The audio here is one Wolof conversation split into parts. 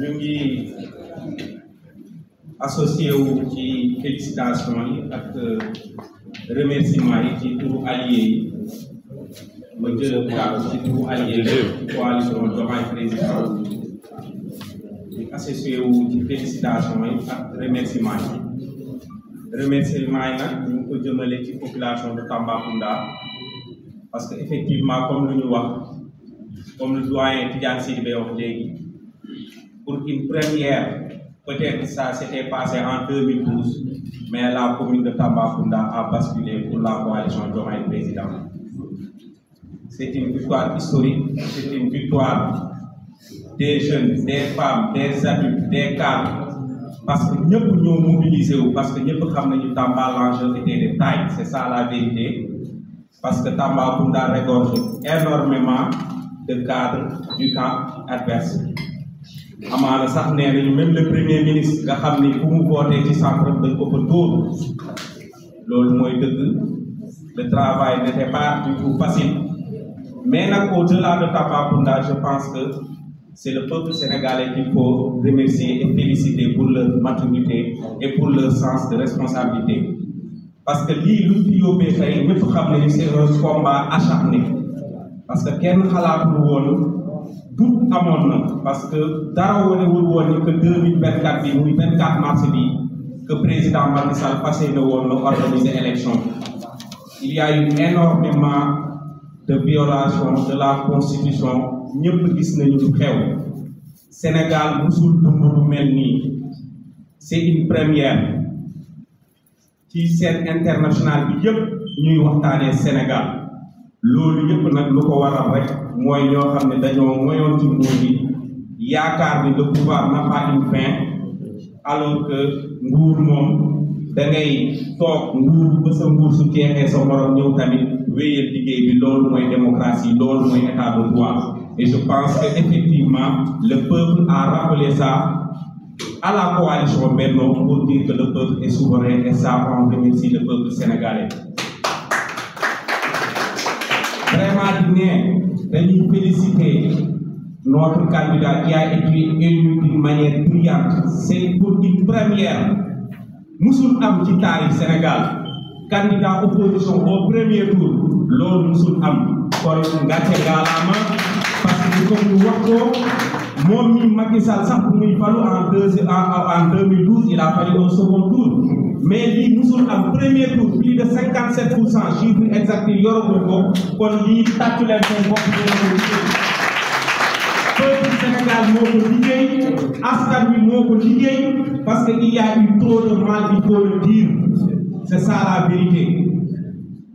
ñu ngi associé wu ci félicitations yi ak euh, remerciements yi ci turu allié yi ma jël kàddu ci turu allié yi coalition Diomaye Président ñu associé wu ci félicitations yi ak remerciements yi remerciements yi nag ñu ngi ko jëmale ci population de Tambacounda parce que effectivement comme lu ñu wax comme le doyen Tidiane Sidibé wax léegi pour une première. Peut-être ça s'était passé en 2012, mais la commune de Tambacounda a basculé pour la coalition de Président. C'est une victoire historique, c'est une victoire des jeunes, des femmes, des adultes, des cadres, parce que nous pouvons mobiliser, mobiliser, parce que nous pouvons nañu Tamba l'enjeu était de taille c'est ça la vérité parce que Tambacounda regorge énormément de cadres du camp adverse amaana sax même le premier ministre nga xam ni fu mu ci centre dañ ko dëgg le travail n'était pas du tout facile mais au-delà de Bunda, je pense que c'est le peuple sénégalais qu'il faut remercier et féliciter pour leur maturité et pour leur sens de responsabilité parce que ce lu fi yóbbee tey ñëpp c'est un combat acharné parce que kenn xalaatul woon à mon nom, parce que dara wane wul ni que deux mille mars bi que président Macky Sall passé na woon organiser élection il y a eu énormément de violations de la constitution ñëpp gis nañu lu xew Sénégal musul dund lu c'est une première ci seen international bi yëpp ñuy Sénégal loolu yëpp nag lu rek pouvoir n'a pas une fin alors que nguur da ngay nguur sa nguur sa morom tamit bi démocratie de droit et je pense que effectivement le peuple a rappelé ça à la coalition Benno pour dire que le peuple est souverain et ça venir le peuple sénégalais extraordinaire dañuy féliciter notre candidat qui a été élu d'une manière brillante c'est pour une première musul am ci Sénégal candidat opposition au premier tour loolu musul am à la main, parce que comme nous, wax ko moom Macky Sall sax bu muy en 2012 il a fallu un second tour mais nous sommes en premier tour plus de 57 pour cent chiffre exact yi yoraguñ ko kon lii tàccu leen seen bopp peuple Sénégal moo ko liggéey askan bi moo ko parce qu'il y a eu trop de mal il faut le dire c'est ça la vérité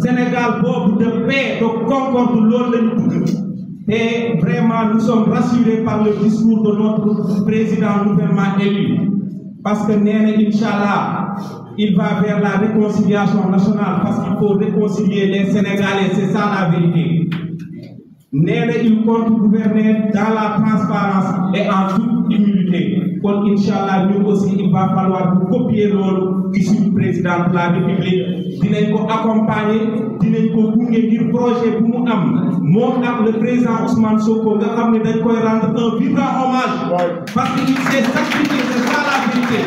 Sénégal de paix de concorde l'ordre de bëgg et vraiment nous sommes rassurés par le discours de notre président gouvernement élu parce que Néné, Inch'Allah, il va vers la réconciliation nationale parce qu'il faut réconcilier les Sénégalais c'est ça la vérité Néné, il compte gouverner dans la transparence et en toute immunité. kon Inch'Allah, nous aussi il va falloir copier l'ordre issu du président de la République accompagné accompagner dinañ ko projet pour nous am moom ak le président Ousmane Sonko nga xam ne dañ rendre un vibrant hommage parce que c'est s'est sacrifié c'est ça la vérité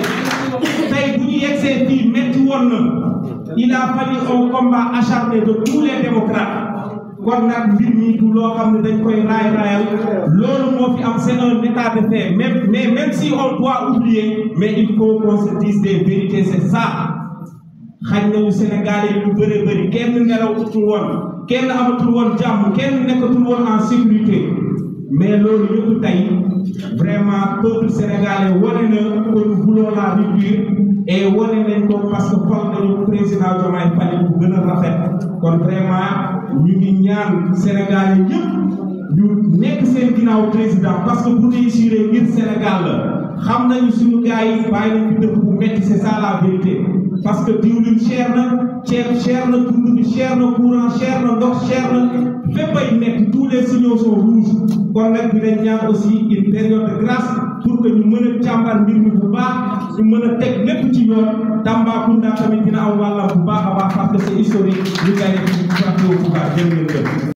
tey bu ñu yegsee mais tout le monde. il a fallu un combat acharné de tous les démocrates quand on a vu du loo xam ne dañ koy raay raayal fi am c'est un état de fait même mais même si on doit oublier mais il faut qu'on se dise des vérités c'est ça xañ nañu Sénégalais yi lu bëree bëri kenn nelawatul woon kenn amatul woon jàmm kenn nekkatul woon en sécurité mais loolu yëpp tey vraiment peuple sénégalais wane na ko ñu voulons la rupture et wane que fal gën a rafet kon vraiment ñu ngi ñaan Sénégalais yëpp ñu nekk seen ginnaaw président parce que bu réussir ngir Sénégal la. xam nañu suñu gars yi bàyyi nañu dëkk bu métti c'est ça la vérité parce que diwlin cher na cher cher na dund bi cher na courant cher na ndox cher na fépp ay métti tous les signaux sont rouges kon nag dinañ ñaan aussi une période de grâce pour que ñu mën a càmbar mbir mi bu baax ñu mën a teg lépp ci yoon Tambacounda tamit dina am wàllam bu baax a baax parce que c'est historique ñu gagné ci plateau bu baax jërë ngeen jëf